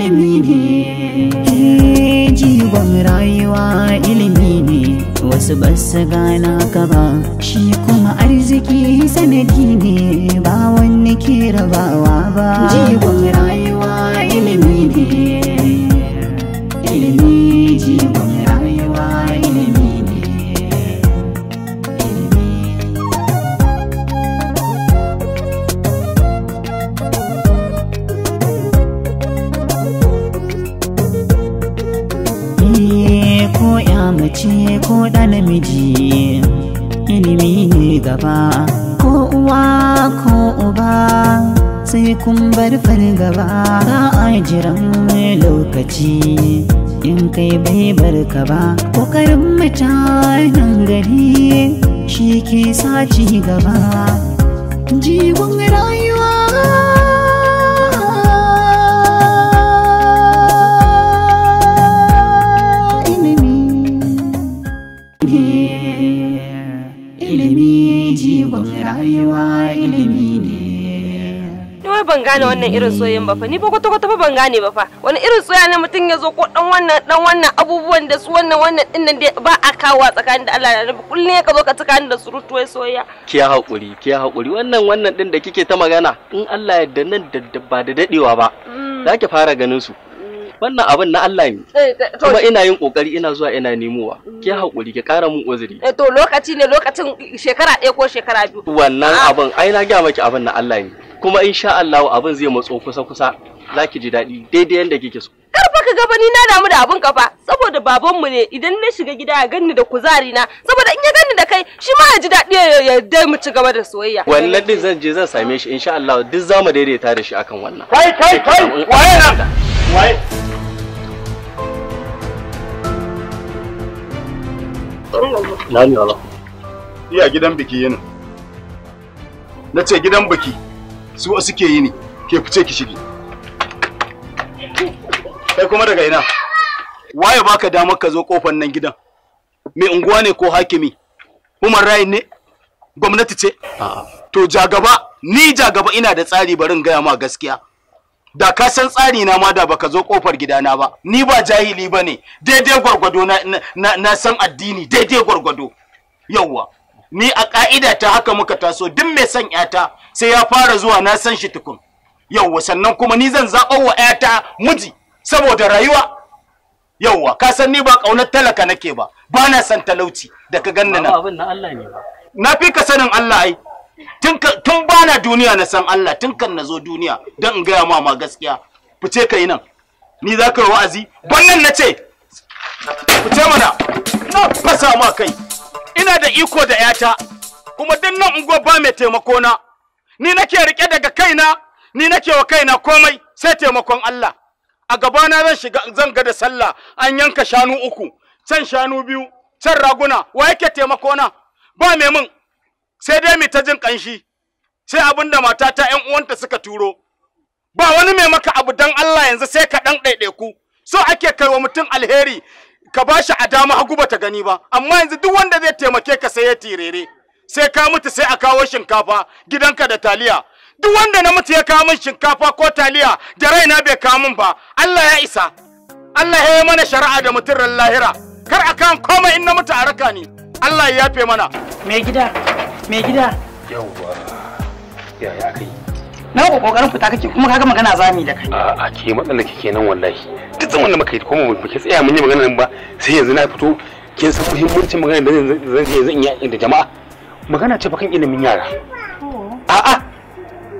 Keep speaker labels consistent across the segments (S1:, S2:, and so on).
S1: ilimi ne jigon rayuwa ilimi ne wasu basu gana ka ba shi kuma arziki sanadi ne ba wani ke rabawa ba mace ko da namiji ilimi ne gaba ko uwa ko uba sai kun bar fargaba ba a jiran lokaci in kai bai barka ba ƙoƙarin mutanen gari shi ke sa ci gaba jiwon rayuwa rayuwa
S2: ilimi ne ni wai ban gane wannan irin soyayyen ba fa ni ba kwata kwata ba ban gane ba fa wani irin soyayya ne mutum ya zo ko dan wannan dan wannan abubuwan da su wannan wannan din nan ba a kawo tsakanin da Allah da Annabi kullun ya ka zo ka tsakanin da surutu wai soyayya
S3: ki hakuri ki hakuri wannan wannan din da kike ta magana in Allah ya yarda nan da ba da dadewa ba
S2: mm. zaki
S3: fara ganin su wannan abin na Allah ne
S4: eh, eh, kuma ina yin
S3: kokari ina zuwa ina nemowa ke mm. hakuri ke kara mun uzuri
S4: eh to lokaci ne lokacin shekara ɗaya ko shekara biyu
S3: wannan ah. abin ai na ga maki abin na Allah ne kuma insha Allah abin zai matso kusa kusa zaki ji daɗi daidai yanda kike so
S2: karfa ka gaba ni na damu da abin kafa saboda babanmu ne idan na shiga gida ya ganni da kuzari na saboda in ya ganni da kai shi ma ya ji daɗi ya dai mu ci gaba da soyayya wannan
S3: din zan je zan same shi insha Allah duk zamu daidaita da shi akan wannan kai kai kai waye na
S5: waye Na Iya gidan biki yini. Na ce gidan biki su suke yi ne ke fice ki shige. Kai kuma daga ina? Waye baka damar ka zo kofar nan gidan? Mai unguwa ne ko hakimi? Human right ne? Gwamnati ce? To jagaba, ni jagaba ina da tsari barin gaya ma gaskiya. da ka san tsari na ma da baka zo kofar gidana ba ni ba jahili ba ne daidai gwargwado na, na, san addini daidai gwargwado yauwa ni a ka'ida ta haka muka taso duk mai san yata sai ya fara zuwa na san shi tukun yauwa sannan kuma ni zan zaɓo wa yata miji saboda rayuwa yauwa ka san ni ba ƙaunar talaka nake ba ba na san talauci da ka ganna na na fi ka sanin Allah ai tun ba na duniya na san Allah tun kan na zo duniya don in gaya ma ma gaskiya fice ka yi nan ni za ka yi wa'azi bannan na ce fice mana na fasa ma kai ina da iko da yata kuma duk nan unguwa ba mai taimako na ni nake rike daga kaina ni nake wa kaina komai sai taimakon Allah a gabana zan shiga zan ga da sallah an yanka shanu uku can shanu biyu can raguna wa yake taimako na ba mai mun sai dai mai ta jin kanshi sai abin da matata yan uwanta suka turo ba wani mai maka abu dan Allah yanzu sai ka dan ɗaiɗaiku so ake kai wa mutum alheri ka ba shi a dama hagu bata gani ba amma yanzu duk wanda zai taimake ka sai ya tirere sai ka mutu sai a kawo shinkafa gidanka da taliya duk wanda na mutu ya kawo min shinkafa ko taliya da raina bai kawo min ba Allah ya isa Allah ya yi mana shari'a da mutum lahira kar a kan komai in na mutu a raka ni Allah ya yafe mana mai gida Mai gida. Yawwa. Ya ya kai.
S4: Na ku kokarin fita kake kuma kaga magana zami da kai.
S5: A'a ke matsala kike kenan wallahi. Duk zaman da muka yi ko mu ke tsaya mun yi magana nan ba sai yanzu na fito kin san muhimmancin magana da zan yi zan yi da jama'a. Magana ce bakan ilimin yara. A'a.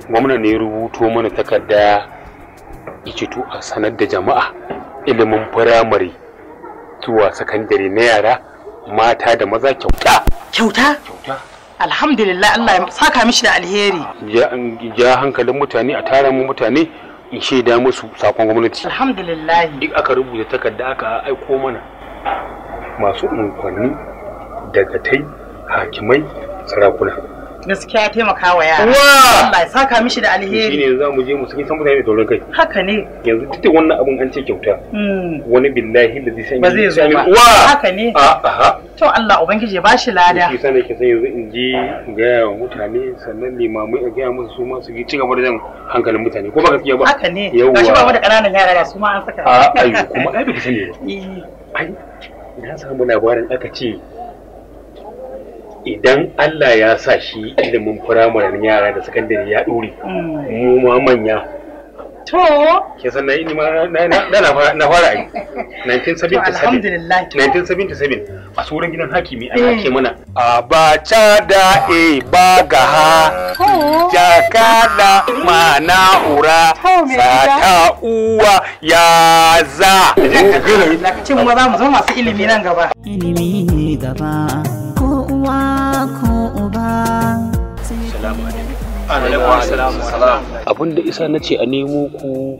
S5: Gwamna ne rubuto mana takarda yace to a sanar da jama'a ilimin firamare zuwa sakandare na yara mata da maza kyauta.
S4: Kyauta? Kyauta. alhamdulillah Allah ya saka mishi da alheri
S5: ja hankalin mutane a tara mu mutane in shaida musu sakon gwamnati
S3: alhamdulillah
S5: duk aka rubuta takarda aka aiko mana masu unguwanni daga tai hakimai sarakuna
S4: gaskiya taimaka wa yara Allah ya saka mishi da alheri ne
S5: za mu je mu saki san mutane da taurin kai haka ne yanzu duk wannan abun an ce kyauta hmm. wani billahi da zai sanya ba zai zo ba haka ne A'a.
S4: to Allah ubangiji ba shi lada shi
S5: sanin ki sai yanzu in je ga mutane sannan limamai a gaya musu su ma su ci gaba da jan hankalin mutane ko ba gaskiya ba haka ne gashi ba mu da
S4: ƙananan yara da su ma an saka a kuma ai
S5: ba ki sani ba eh. ai na samu labarin aka ce idan Allah ya sa shi ilimin firamarin yara da sakandare ya ɗore mm. mu ma manya to ke san ni ma na fara yi 1977 1977 a tsoron gidan hakimi a hake mm. mana abacha da e bagaha jakada mana ura ta uwa ya za
S4: cin ma za mu zo masu ilimi nan gaba ilimi gaba
S5: abin da isa na ce a nemo ku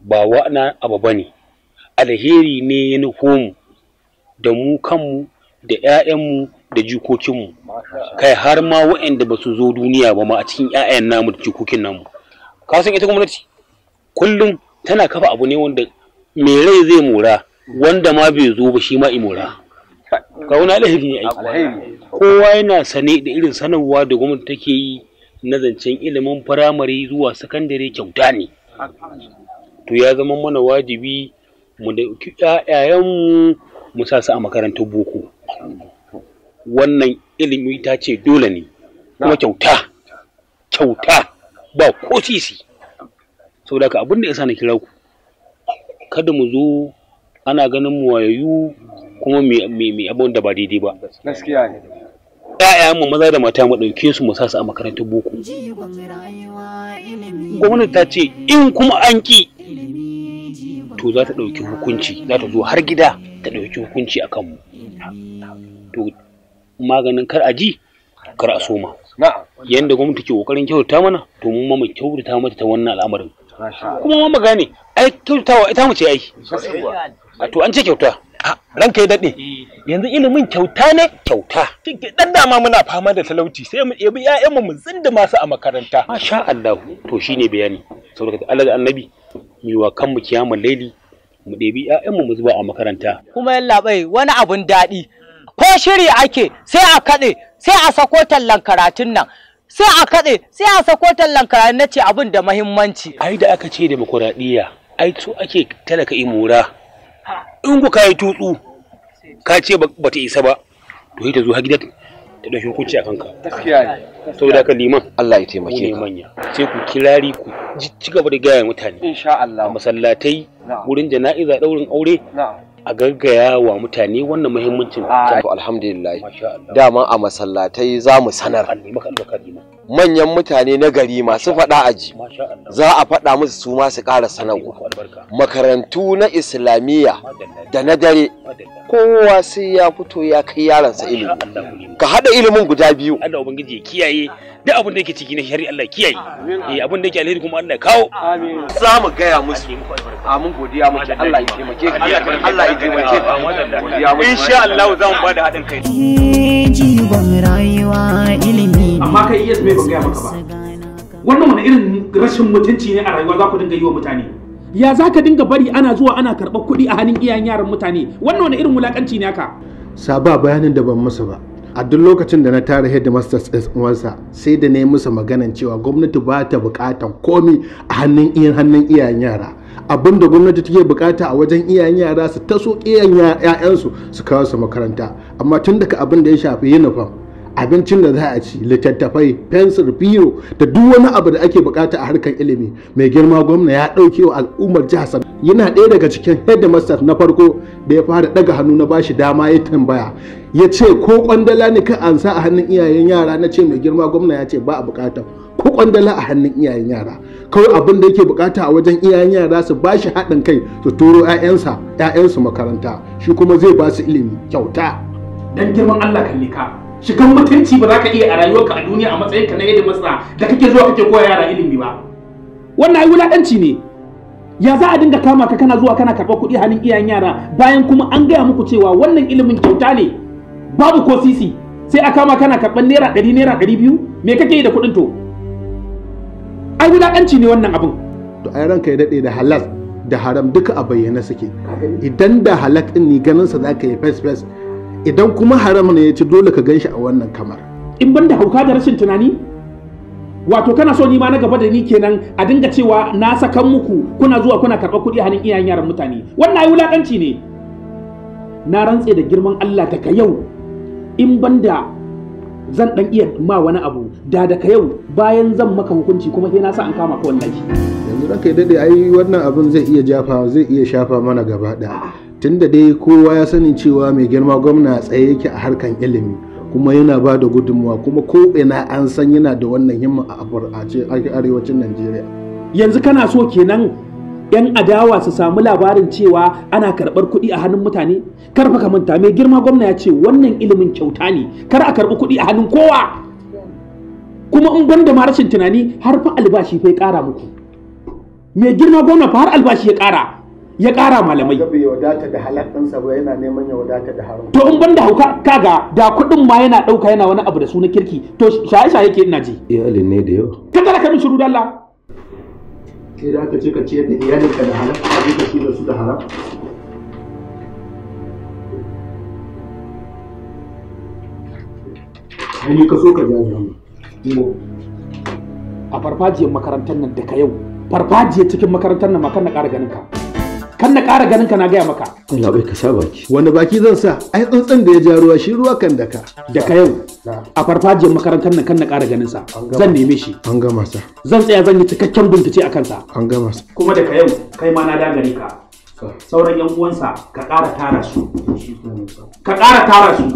S5: ba wa'ana abu ba ne alheri ne ya nufo mu da mu kanmu da 'ya'yanmu da jikokinmu kai har ma wa'anda ba su zo duniya ba ma a cikin 'ya'yan namu da jikokin namu kasan ita gwamnati kullum tana kafa abu ne wanda mai rai zai mora wanda ma bai zo ba shi ma imora ga wani ne aiki kowa yana sane da irin sanarwa da gwamnati take yi na zancen ilimin firamare zuwa sakandare kyauta ne to ya zama mana wajibi mu da ƴaƴayenmu mu sa su a makarantar boko wannan ilimi ta ce dole ne kuma kyauta kyauta ba ko sisi saboda ka abin da ya sa na kira ku kada mu zo ana ganin mu wayayu kuma mai abin da ba daidai ba gaskiya ne ya'ya mu maza da mata mu ɗauke su mu sa su a makarantar boko gwamnati ta ce in kuma an ki to za ta ɗauki hukunci za ta zo har gida ta ɗauki hukunci a kanmu to maganin kar a ji kar a soma yadda gwamnati ke ƙoƙarin kyauta mana to mu ma mu mata ta wannan al'amarin kuma ma gane ai wa ita mu ce ai a to an ce kyauta ranka ya daɗe eh. yanzu ilimin kyauta ne kyauta dan dama muna fama da talauci sai mu ɗebi ƴaƴanmu mu zinda masu a makaranta masha Allah to shine bayani saboda Allah da annabi mu wa kanmu kiyamul laili mu ɗebi ƴaƴanmu mu zuba a makaranta
S4: kuma yalla bai wani abun daɗi ko shiri ake sai a kaɗe sai a sako tallan karatun nan sai a kaɗe sai a sako tallan karatun na ce abin da muhimmanci
S5: ai da aka ce demokuraɗiyya ai su ake talaka imura in ku kayi tutsu ka ce ba ta isa ba to ta zo ha gida ta ɗauki hukunci a kanka saboda ka liman Allah ya taimake ka manya sai ku kirari ku ci gaba da gaya mutane insha Allah masallatai wurin jana'iza daurin aure a gaggaya wa mutane wannan muhimmancin alhamdulillah dama a masallatai zamu mu sanar
S6: manyan mutane na gari masu faɗa aji za a faɗa musu su masu su ƙara sanarwa makarantu na islamiyya da na dare kowa sai ya fito ya kai yaransa ilimi ka hada ilimin guda biyu
S5: Allah ubangiji ya kiyaye duk abin da yake ciki na shari'a Allah kiyaye eh abin da yake alheri kuma Allah kawo amin za mu gaya musu amin godiya muke Allah ya taimake ka Allah ya taimake ka insha Allah za mu bada hadin kai jigon rayuwa ilimi amma kai yes mai ban gaya maka ba wannan wani irin rashin mutunci ne a rayuwa za ku dinga yi wa mutane ya za ka dinga bari ana zuwa ana karɓar kuɗi a hannun iyayen yaran mutane wannan wani irin wulaƙanci ne haka
S7: saba bayanin da ban masa ba a duk lokacin da na tara headmasters ɗin uwansa sai da na yi musa maganan cewa gwamnati ba ta buƙatar komi a hannun iyayen hannun iyayen yara abin da gwamnati take bukata a wajen iyayen yara su taso iyayen 'ya'yansu su kawo su makaranta amma tun daga abin da ya shafi yunifom. abincin da za a ci littattafai fensir biro da duk wani abu da ake bukata a harkar ilimi mai girma gwamna ya ɗauke wa al'ummar jihar sa yana ɗaya daga cikin headmaster na farko da ya fara ɗaga hannu na bashi dama ya tambaya ya ce ko kwandala ne ka ansa a hannun iyayen yara na ce mai girma gwamna ya ce ba a bukata ko kwandala a hannun iyayen yara kawai abin da yake bukata a wajen iyayen yara su bashi haɗin kai su turo 'ya'yansa 'ya'yansu makaranta shi kuma zai ba su ilimi
S5: kyauta dan girman Allah kalli ka shigan mutunci ba za ka iya a rayuwarka a duniya a matsayin ka na yadda masa da kake zuwa kake koya yara ilimi ba wannan ai wulakanci ne ya za a dinga kama ka kana zuwa kana karɓar kuɗi halin iyayen yara bayan kuma an gaya muku cewa wannan ilimin kyauta ne babu ko sisi sai a kama kana karɓar naira ɗari naira ɗari biyu me kake yi da kuɗin to ai wulakanci ne wannan abin
S7: to ai ranka ya daɗe da halal da haram duka a bayyane suke idan da halak ɗin ni ganin sa za ka yi fes fes idan kuma haram ne ya ci dole ka gan shi a wannan kamar in ban da hauka da rashin tunani
S5: wato kana so ni ma na gaba da ni kenan a dinga cewa na sakan muku kuna zuwa kuna karɓar kuɗi hannun iyayen yaran mutane wannan ai wulakanci ne na rantse da girman Allah daga yau in ban da zan ɗan iya ma wani abu da daga yau bayan zan maka hukunci kuma sai na sa an kama ka wallahi
S7: yanzu ranka dade ai wannan abun zai iya jafa zai iya shafa mana gaba ɗaya Tun da dai kowa ya sani cewa mai girma gwamna tsaye yake a harkan ilimi kuma yana ba da gudunmuwa kuma ko ina an san yana da wannan himma a arewacin najeriya yanzu kana so kenan
S5: yan adawa su samu labarin cewa ana karɓar kuɗi a hannun mutane karfa ka manta mai girma gwamna ya ce wannan ilimin kyauta ne kar a karɓi kuɗi a hannun kowa kuma in ban da rashin tunani har fa albashi fa ya ƙara muku mai girma gwamna fa har albashi ya ƙara ya ƙara malamai Ya bai wadata da halakkansa ba yana neman ya wadata da haram to in ban da hauka kaga da kuɗin ma yana ɗauka yana wani abu da suna kirki to shaye shaye ke ina ji iyalin ne da yau ka tara kamin shiru da Allah ke da aka ce ka ce da
S7: ka da halakka ka shi da su da haram
S5: hanyar ka so ka ja a farfajiyar makarantar nan daga yau farfajiyar cikin makarantar nan makan na ƙara ganin ka kan na ƙara ganin ka na gaya maka
S7: Allah bai ka saba baki wani baki
S5: zan sa ai tsuntsun da ya ja ruwa shi ruwa kan daka daka yau a farfajiyar makarantar nan kan na ƙara ganin sa zan neme shi an gama sa zan tsaya zan yi cikakken bincike a kansa an gama sa kuma daga yau kai ma na dagare ka sauran yan uwansa ka ƙara tara su ka ƙara tara su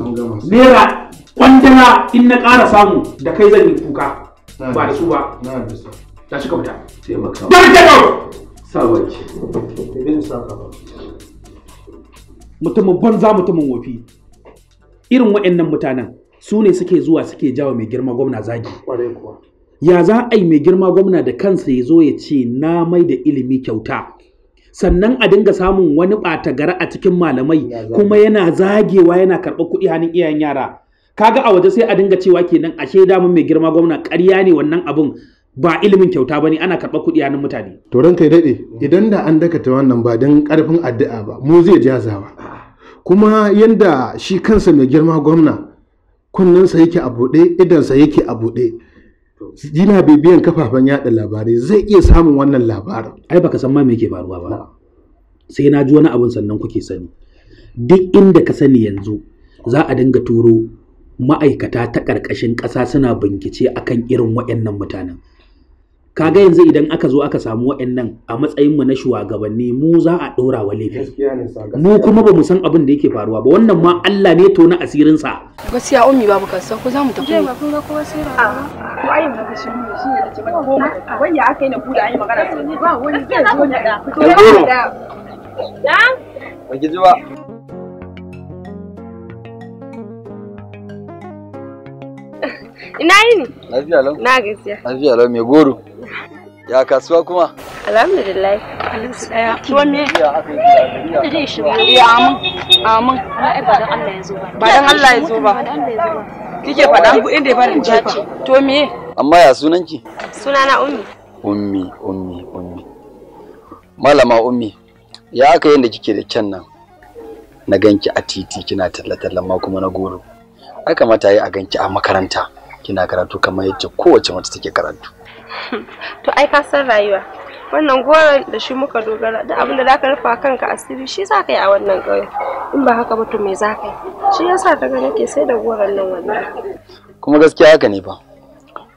S5: naira kwandana in na ƙara samu da kai zan yi kuka ba da su ba ta shi ka fita sai maka Sabaci. Ibn Mutumin banza wofi. Irin waɗannan mutanen su ne suke zuwa suke jawo mai girma gwamna zagi. Ya za a yi mai girma gwamna da kansa ya zo ya ce na mai da ilimi kyauta. sannan a dinga samun wani ɓata gara a cikin malamai kuma yana zagewa yana karɓar kuɗi hannun iyayen yara kaga a waje sai a dinga cewa kenan ashe damun mai girma gwamna ƙarya ne wannan abun ba ilimin kyauta bane ana karɓar kuɗi hannun mutane
S7: to ranka ya daɗe idan da an dakata wannan ba don ƙarfin addu'a ba mu zai jazawa kuma yadda shi kansa mai girma gwamna kunnensa yake a buɗe idansa yake a buɗe
S5: yana bibiyan kafafen yaɗa labarai zai iya samun wannan labarin ai baka san ma me yake faruwa ba sai na ji wani abun sannan kuke sani duk inda ka sani yanzu za a dinga turo ma'aikata ta ƙarƙashin ƙasa suna bincike akan irin waɗannan mutanen kaga yanzu idan aka zo aka samu wa'annan a matsayin mu na shugabanni mu za a dora wa laifi mu kuma ba mu san abin da yake faruwa ba wannan ma Allah ne to na asirin sa gaskiya ummi ba mu kansa ko za mu tafi ba
S2: kun ga kowa sai ba ko ayin da shi ne shi ne kace ba goma ya aka yi na buda an yi magana sai ba wani zai zo ne da fito da da ba ki zuwa ba ina yini
S6: lafiya lau na gaskiya lafiya lau me goro Ya kasuwa kuma?
S2: Alhamdulillah.
S6: Alhamdulillah. amin. Allah ya zo ba.
S2: Kike faɗa inda ya jefa. To me?
S6: Amma ya sunanki?
S2: Sunana Ummi.
S6: Ummi, Ummi, Ummi. Malama Ummi, ya aka yanda kike da kyan nan? Na ganki a titi kina tallatallan ma kuma na goro. Ai kamata yi a ganki a makaranta kina karatu kamar yadda kowace mata take karatu.
S2: to ai ka san rayuwa wannan goron da shi muka dogara da abinda da ka rufa kanka asiri shi za ka yi a wannan ƙauye in ba haka ba to me za ka yi shi yasa daga nake sai da goron nan wannan
S6: kuma gaskiya haka ne ba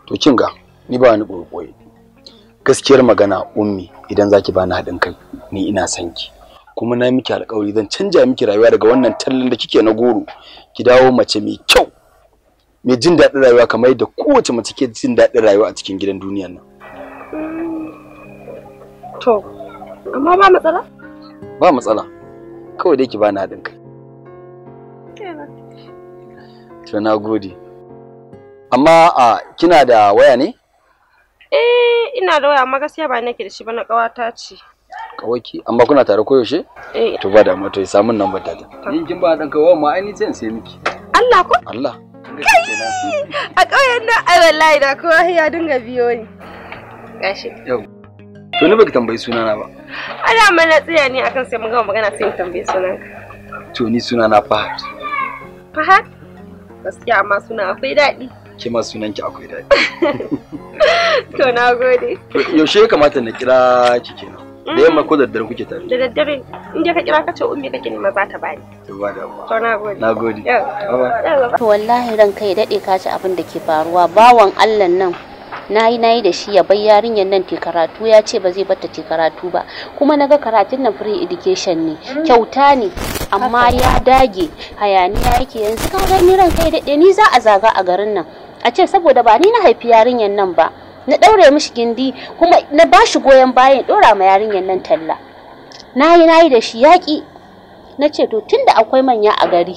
S6: to kin ga ni ba wani gaskiyar magana ummi idan zaki bani haɗin kai ni ina son ki kuma na miki alƙawari zan canja miki rayuwa daga wannan tallan da kike na goro ki dawo mace mai kyau mai jin daɗin rayuwa kamar yadda kowace mace ke jin daɗin rayuwa a cikin gidan duniyan nan. Mm,
S2: to, amma ba matsala?
S6: Ba matsala. Kawai dai ki ba na haɗin kai. To na gode. Amma a kina da waya ne?
S2: Eh, ina da waya amma gaskiya ba nake da shi ba na ƙawata ce.
S6: Kawaki, amma kuna tare koyaushe? Eh. To ba da to ya samun nan ba ta ta. Yin kin ba ɗan kawo ma ainihin sai miki. Allah ko? Allah. a ƙauyen nan ai wallahi da
S2: kowa ya dinga biyo ni gashi
S6: yau to ni baka tambayi sunana ba
S2: ana mana tsaya ne akan sai mun gama magana sai in tambayi sunanka
S6: to ni sunana Fahad
S2: Fahad gaskiya amma suna akwai daɗi
S6: ke ma sunan ki akwai daɗi
S2: to na gode
S6: yaushe ya kamata na kira ki kenan Mm. da yamma ko daddare kuke tare
S8: da daddare in je ka kira ka ce ummi kake nema za ta bani to ba da to nagode to wallahi ran kai dade ka ci abin da ke faruwa bawan Allah nan nayi nayi da shi ya bai yarinyar nan te karatu ya ce ba zai bata te karatu ba kuma naga karatun nan free education ne mm. kyauta ne amma ya dage hayaniya yake yanzu ka ni ran kai dade ni za a zaga a garin nan a ce saboda ba ni na haifi yarinyar nan ba na ɗaure mishi gindi kuma na ba shi goyon bayan ɗora ma yarinyar nan talla na yi na yi da shi yaƙi na ce to tun da akwai manya a gari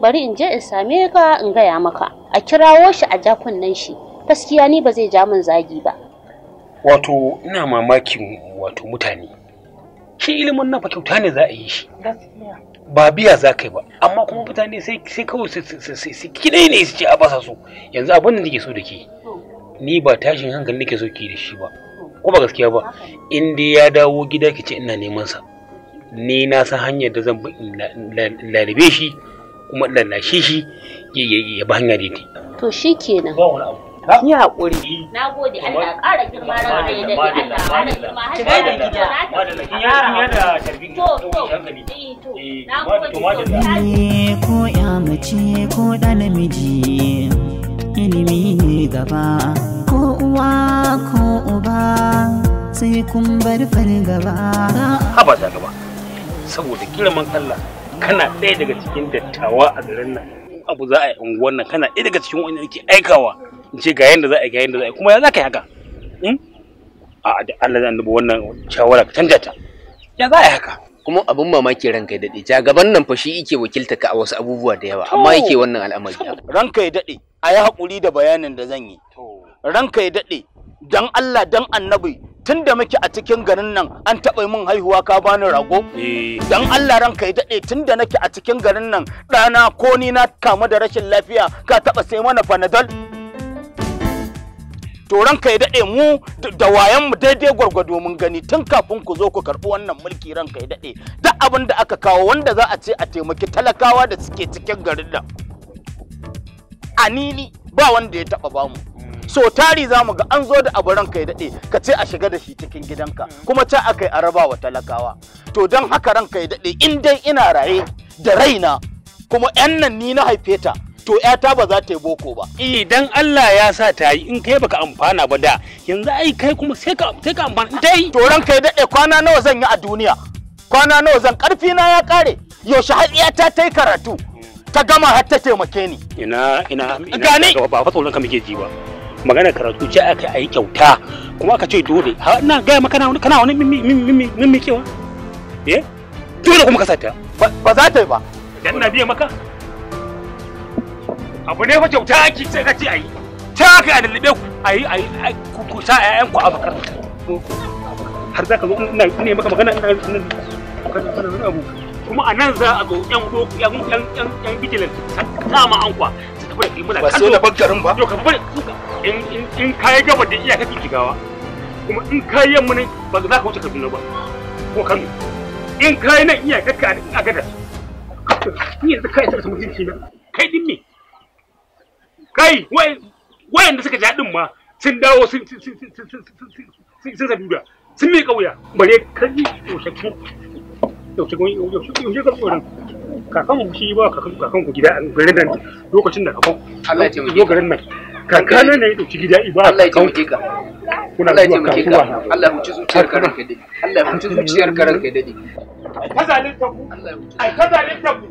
S8: bari in je in same ka in gaya maka a kirawo shi a jakunnan shi gaskiya ni ba zai ja min zagi ba
S5: wato ina mamakin wato mutane shi ilimin nan fa kyauta ne za a yi shi ba biya za ka yi ba
S8: amma kuma mutane
S5: sai kawai su kidai ne su ce a basa su, yanzu abin da nake so da ke ni ba tashin hankali nake so ki da shi ba ko ba gaskiya ba in dai ya dawo gida ki ce ina neman sa ni na san hanyar da zan lalabe shi kuma lalashe shi ya ba hanya daidai
S8: to shi kenan ba wani abu Yi haƙuri. Na gode Allah ƙara girma ran da ya daɗe Allah ƙara girma har da da gida. Yara da tarbi to to eh, eh, na gode
S1: ko ya mace ko ɗan namiji ilimi ne gaba ko uwa ko uba sai kun bar fargaba
S5: haba ta gaba saboda girman Allah kana ɗaya daga cikin dattawa a garin nan abu za a yi unguwar nan kana ɗaya daga cikin wani yake aikawa in ce ga yanda za a yi ga yanda za a yi kuma ya za ka yi haka hmm? a da Allah zan annabi wannan shawara ka canja ta ya za a yi haka kuma abin mamaki ranka ya daɗe jagaban nan fa shi yake wakilta ka a wasu abubuwa da yawa amma yake wannan al'amari ranka ya daɗe a yi haƙuri da bayanin da zan yi ranka ya daɗe dan Allah dan annabi tun da muke a cikin garin nan an taɓa min haihuwa ka bani rago eh. dan Allah ranka ya daɗe tun da nake a cikin garin nan ɗana ko ni na kamu da rashin lafiya ka taɓa sai mana fanadol to ranka ya daɗe mu da wayan mu daidai gwargwado mun gani tun kafin ku zo ku karɓi wannan mulki ranka ya daɗe duk abin da aka kawo wanda za a ce a taimaki talakawa da suke cikin garin nan anini ba wanda ya taɓa bamu mm. so tari za mu ga an zo da abu ranka ya daɗe ka ce a shiga da shi cikin gidanka mm. kuma ta aka yi a raba wa talakawa to don haka ranka ya daɗe in dai ina raye da raina kuma 'yan nan ni na haife ta to ta ba za ta yi boko ba idan Allah ya sa ta yi in kai baka amfana ba da yanzu ai kai kuma sai ka sai ka amfana ta yi to ran kai dade kwana nawa zan yi a duniya kwana nawa zan karfi na ya kare yaushe har ta yi karatu ta gama har ta taimake ni ina ina ina ba fa tsoron ka muke ji ba magana karatu ce aka yi kyauta kuma aka ce dole ha na ga maka kana wani mimmi kewa eh dole kuma ka sata ba za ta yi ba dan na biya maka abu ne fa kyauta ake sai ka ce ayi ta ka lallabe ku ayi ayi ku sa ƴaƴan ku a makaranta har za ka zo ina ne maka magana ina nan abu kuma a nan za a zo yan doku yan yan yan yan bijilan ta ma an kwa su tafi da kai muna ba sai da bakkarin ba to ka bari in in in kai gaba da iya kake gawa kuma in kai yan ne ba za ka wuce Kaduna ba ko Kano in kai nan iya ka a gadar ni yanzu kai sai ka mutunci na kai din me kai wayan da suka ji haɗin ma sun dawo sun saduda sun mai ƙauya. bare kaji yaushe yaushe yaushe ka tsoron kakan mu shi ba kakan ku gida garin nan lokacin da kakan Allah ya taimake garin nan kakan nan ne dauki gida iba Allah ya taimake ka zuwa kasuwa Allah ya huci zuciyar ka ranka Allah ya huci zuciyar ka ranka ai kazalin ai kazalin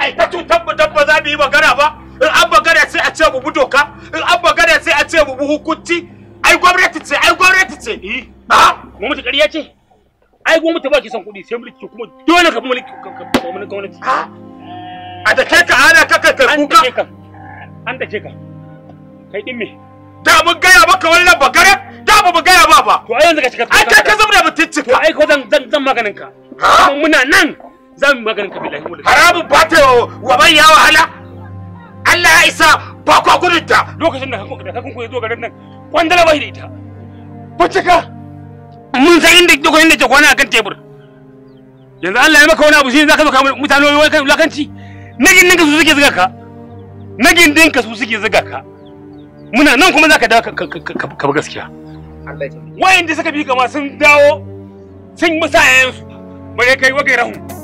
S5: ai ta cutar mu dan ba za mu yi magana ba in an magana sai a ce mu bi doka in an magana sai a ce mu bi hukunci ai gwamnati ce ai gwamnati ce eh mu mutu ƙarya ce ai gwamnati ba ki son kuɗi sai mulki kuma dole ka bi mulki gwamnati ha a da kai ka ana ka ka ka an dace ka kai din me da mun gaya maka wannan bagare da ba mu gaya ba ba to ai yanzu ka shiga ai kai ka zama da mutunci ka ai ko zan zan maganin ka muna nan za mu maganin ka billahi mulki haramun ba ta wa ban ya wahala Allah ya isa ba ku gudun ta lokacin da kakun da kakun ku zo garin nan kwandala bai da ita bace ka mun san inda duk inda ke kwana kan tebur yanzu Allah ya maka wani abu shi zaka zo ka mutane wai kai lakanci nagin ninka su suke zuga ka nagin dinka su suke zuga ka muna nan kuma zaka dawo ka bi gaskiya wayanda suka bi kama sun dawo sun musa yayansu bare kai wa rahun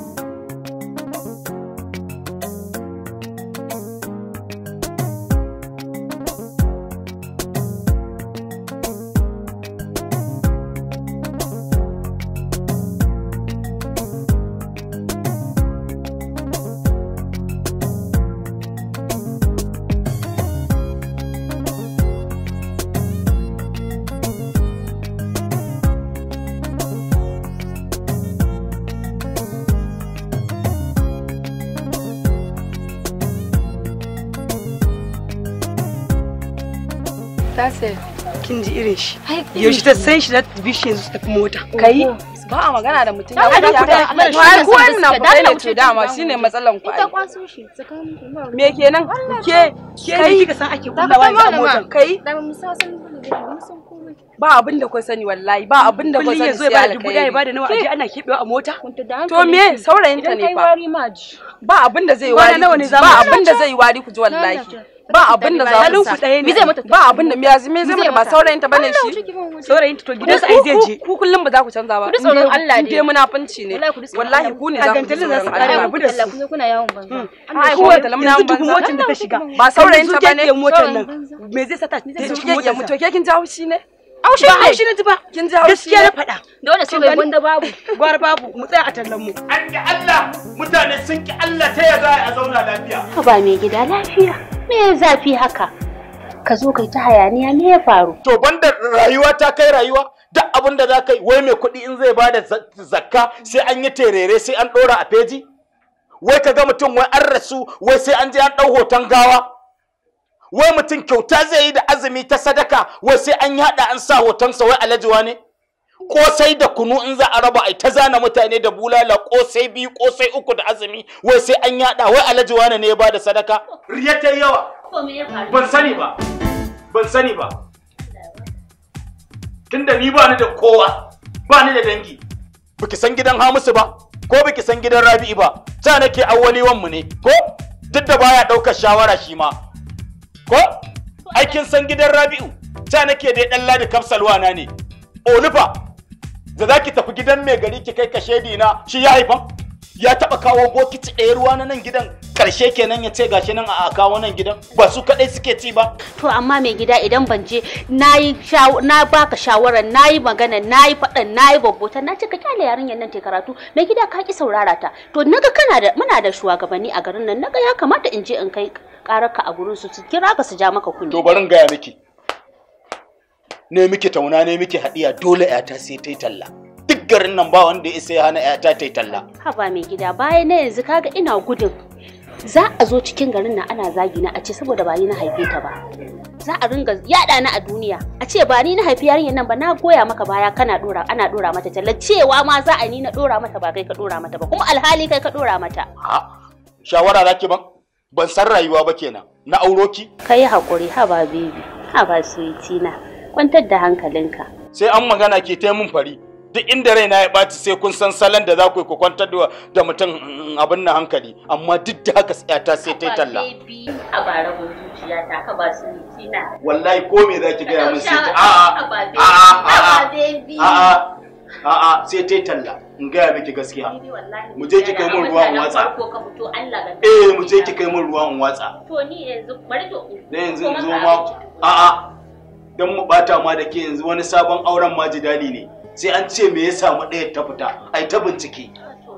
S2: cire shi yaushe ta san shi za ta bi shi yanzu mota kai ba a magana da mutum ya kuda kuda ne to dama shine matsalan ku ita kwaso shi
S4: me kenan ke ke kika san ake ne a motar
S2: kai da mu san san
S4: ba abin da kun sani wallahi ba abin da kun sani sai alkai kullum ya ba da nawa aje ana kebewa a mota to me saurayin ta ne fa ba abin da zai wari ba abin da zai wari ku ji wallahi ba abin da za ku sa me ba abin da me yazi me zai ba saurayin ta bane shi saurayin ta to gidan sa ai zai je
S2: ku kullum ba za ku canza ba ku sauran Allah ne dai munafunci ne wallahi ku ne za ku sauran Allah ku da Allah ku kuna yawon banza hmm. ai ku wata lamun yawon banza motar da ta shiga ba saurayin ta bane motar nan me zai sata ta shiga motar to ke kin jawo
S4: shi ne Aushin ne. Ba aushin ba. Kin ji Gaskiya na faɗa. wanda sai bai gunda babu. Gwar babu
S8: mu tsaya a tallan mu. An ga Allah mutane sun ki Allah ta ya za a zauna lafiya. Ba mai gida lafiya. Me zafi haka? Ka zo kai ta hayaniya me ya faru? To
S5: banda rayuwa ta kai rayuwa duk abin da za ka yi wai mai kuɗi in zai bada zakka sai an yi terere sai an ɗora a feji? Wai ka ga mutum wai an rasu wai sai an je an ɗau hoton gawa? wai mutum kyauta zai yi da azumi ta sadaka wai sai an yada an sa hotonsa wai alajiwa ne kosai da kunu in za a raba ai ta zana mutane da bulala kosai biyu kosai uku da azumi wai sai an yada wai alajiwa ne ya bada sadaka riya ta yawa ban sani ba ban sani ba tunda ni ba ni da kowa ba ni da dangi biki san gidan hamisu ba ko biki san gidan rabi'i ba ta nake awwali wanmu ne ko duk da baya ɗaukar shawara shi ma ko aikin san gidan rabi'u ta nake dai ɗan ladi kafsalwa na ne olufa da za ki tafi gidan mai gari ki kai kashedi na shi ya haifan ya taɓa kawo bokiti ɗaya ruwa na nan gidan karshe kenan ya ce
S8: gashi nan a kawo nan gidan ba su kaɗai suke ci ba to amma mai gida idan ban je nayi na baka shawara yi magana na yi faɗan, na yi babbota na ce ka kyale yarinyar nan ta karatu mai gida ka ƙi saurara ta to naga kana da muna da shugabanni a garin nan naga ya kamata in je in kai ka a gurin su su kira ka su ja maka kunya to barin gaya miki
S5: ne miki tauna ne miki haɗiya dole ta sai ta yi talla duk garin nan ba wanda ya sai hana ƴata ta yi talla
S8: haba mai gida bayan na yanzu kaga ina gudun za a zo cikin garin nan ana zagi na a ce saboda ba ni na haife ta ba za a ringa yada na a duniya a ce ba ni na haifi yarinyar nan ba na goya maka baya kana dora ana dora mata talla cewa ma za a ni na dora mata ba kai ka dora mata ba kuma alhali kai ka dora mata
S5: shawara zaki ban ban san
S8: rayuwa ba kenan na auro ki kai hakuri ha ba baby ha ba suwiti na kwantar da hankalinka
S5: sai an magana ke ta mun fari duk inda raina ya ɓaci sai kun san salon da za ku ku kwantar da mutum mm, abin na hankali amma duk da haka ta sai ta talla
S8: a bara mun zuciya ta ka ba su na
S5: wallahi ko me za ki gaya mun sai
S8: a a a a a
S5: a'a sai ta talla in gaya miki gaskiya
S8: mu je ki eh, kai mun ruwa in watsa eh
S5: mu je ki kai mun ruwa in watsa
S8: to ni yanzu bari to ne yanzu in zo ma
S5: a'a dan mu bata ma da ke yanzu wani sabon auren ma ji dadi ne sai an ce me yasa mu ɗaya ta fita ai ta bincike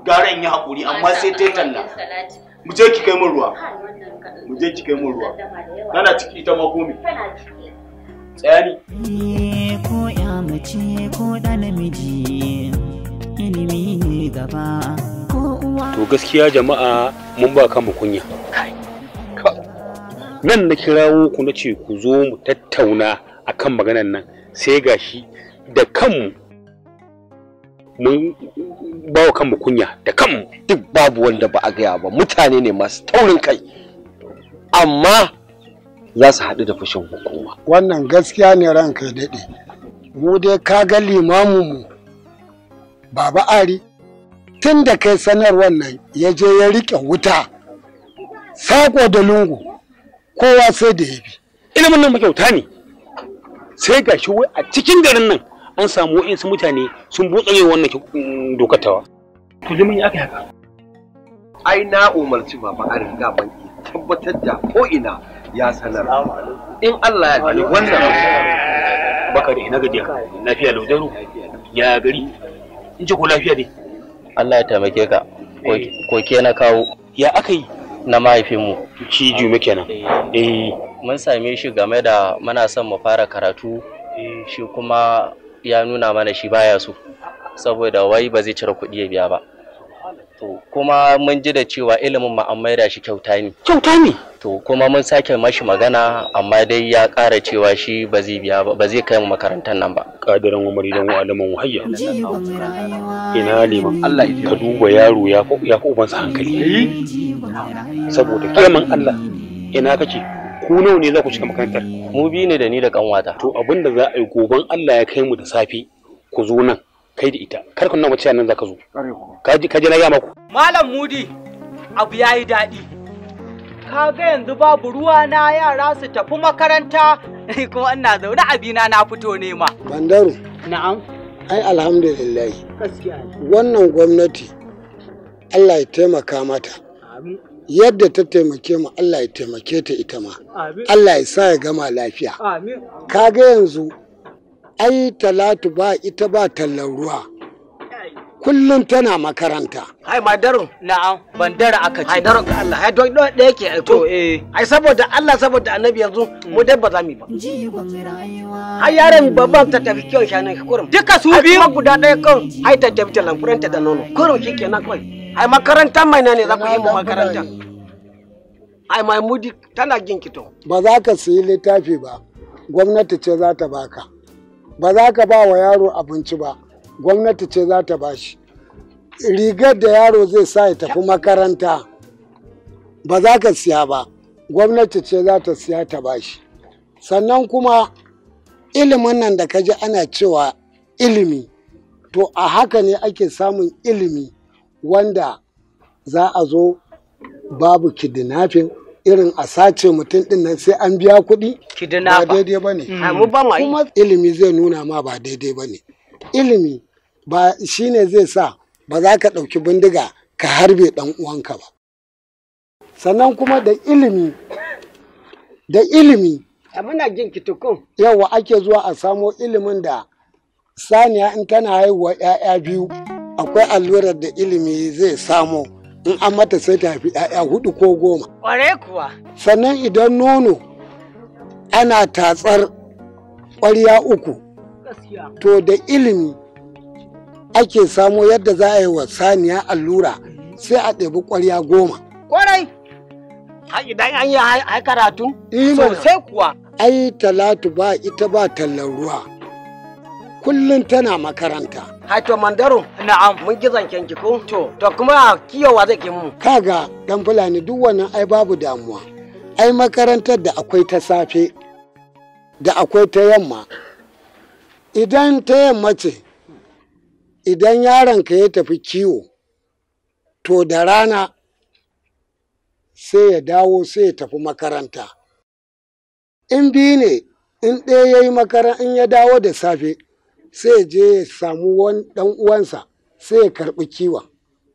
S5: gara in yi hakuri. amma sai ta talla mu je ki kai mun ruwa mu je ki kai mun ruwa Kana ciki ita ma komi tsayani
S1: mace ko namiji ilimi gaba ko uwa to
S5: gaskiya jama'a mun ba kanmu kunya nan na kirawo ku na ce ku zo mu tattauna a kan maganan nan sai gashi da kanmu mun ba wa kanmu kunya da kanmu duk babu wanda ba a gaya ba mutane ne masu taurin kai
S6: amma za su haɗu da fushin hukuma
S9: wannan gaskiya ne ranka daɗe mu dai ka ga mu baba ari tun da kai sanarwar nan ya je ya riƙe wuta sako da lungu kowa sai da ya bi ilimin nan makyauta ne sai ga
S5: shi a cikin garin nan an samu su mutane sun butsare wannan mm, dokatawa to limin ya aka haka ai na umarci baba ari ga ban tabbatar da ko ina ya sanar in Allah ya
S6: wannan
S5: baka da ina gajiya lafiya laujaro ya gari
S3: in ce ko lafiya ne Allah ya taimake ka koke eh. na kawo ya aka yi na mahaifinmu ciju jume kenan eh. eh mun same shi game da muna son mu fara karatu eh. shi kuma ya nuna mana shi baya so saboda wai ba zai cire kuɗi ya biya ba to kuma mun ji da cewa ilimin mu an maida shi kyauta ne kyauta ne to kuma mun sake mashi magana amma dai ya kara cewa shi ba zai biya ba zai kai mu makarantar nan ba kadiran umari dan alaman wahayya ina liman
S5: Allah ka duba yaro ya ya ko sa hankali saboda kirman Allah ina kake ku nawa ne za ku shiga makarantar mu bi ne da ni da kanwata to abinda za a yi goban Allah ya kai mu da safi ku zo nan kai da ita kar ku nan wace nan za ka zo ka ji na ya maku
S4: malam mudi abu yayi daɗi Ka ga yanzu babu ruwa na yara su tafi makaranta kuma ina zaune abina na
S9: fito nema. Bandaru. Na'am. Ai alhamdulillah. Wannan gwamnati Allah ya taimaka mata. Yadda ta taimake mu Allah ya taimake ta ita ma. Allah ya sa ya gama lafiya. Kaga yanzu ai talatu ba ita ba tallan ruwa. kullum tana makaranta.
S10: Hai ma darin. Na'am. Ban dara aka ce. Hai darin ka Allah. Hai don da yake ai to. eh. Ai saboda Allah saboda Annabi yanzu mm. mu dai ba za mu yi ba. Hai yaran babban ta tafi kyau shanin kurum. Duka su biyu. Ai guda ɗaya kan Hai ta tafi ta lamfuranta da nono. Kurum kenan kawai. Hai makaranta mai ne za ku yi mu makaranta. Ai mai mudi tana to.
S9: Ba za ka sayi littafi ba. Gwamnati ce za ta baka. Ba za ka ba wa yaro abinci ba. gwamnati ce za ta bashi rigar da yaro zai sa ya tafi makaranta ba za ka siya ba gwamnati ce za ta siya ta bashi sannan kuma ilimin nan da ka ji ana cewa ilimi to a haka ne ake samun ilimi wanda za a zo babu kidnapping irin a sace mutum din nan sai an biya kuɗi
S10: ba daidai ba ne mm. ah, kuma
S9: ilimi zai nuna ma ba daidai ba ne ilimi ba shi ne zai sa ba za ka ɗauki bindiga ka harbe ɗan uwanka ba sannan kuma da ilimi da ilimi muna jin kitukun yawa ake zuwa a samo ilimin da saniya in tana haihuwa 'ya'ya biyu akwai allurar da ilimi zai samo in an mata sai ta haifi 'ya'ya hudu ko goma
S10: ƙware kuwa
S9: sannan idan nono ana tatsar ƙwarya uku to da ilimi ake samo yadda za a yi wa saniya allura sai a ɗebi ƙwarya goma.
S10: Ƙwarai! Idan an yi karatu?
S9: Eh Sosai kuwa. Ai talatu ba ita ba tallar ruwa. Kullum tana makaranta.
S10: Haito mandaro? Na'am. Mun gizon kyanki ko? To, to kuma kiyowa zai ke mu.
S9: Kaga dan Fulani duk wannan ai babu damuwa. Ai makarantar da akwai ta safe da akwai ta yamma. Idan ta yamma ce, idan yaronka ya tafi kiwo to da rana sai ya dawo sai ya tafi makaranta in bi ne in ɗaya ya yi makaranta in ya dawo da safe sai ya je ya samu ɗan uwansa sai ya karɓi kiwon